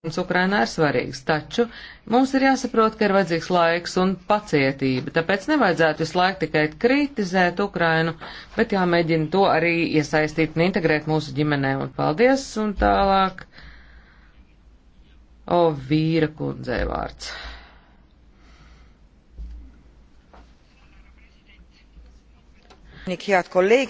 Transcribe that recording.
mums Ukrainā ir svarīgs, taču mums ir jāsaprot, ka ir vajadzīgs laiks un pacietība, tāpēc nevajadzētu visu laiku tikai kritizēt Ukrainu, bet jāmēģina to arī iesaistīt un integrēt mūsu ģimenē. Un paldies, un tālāk. O, vīra kundzē vārds. Head kolleegid,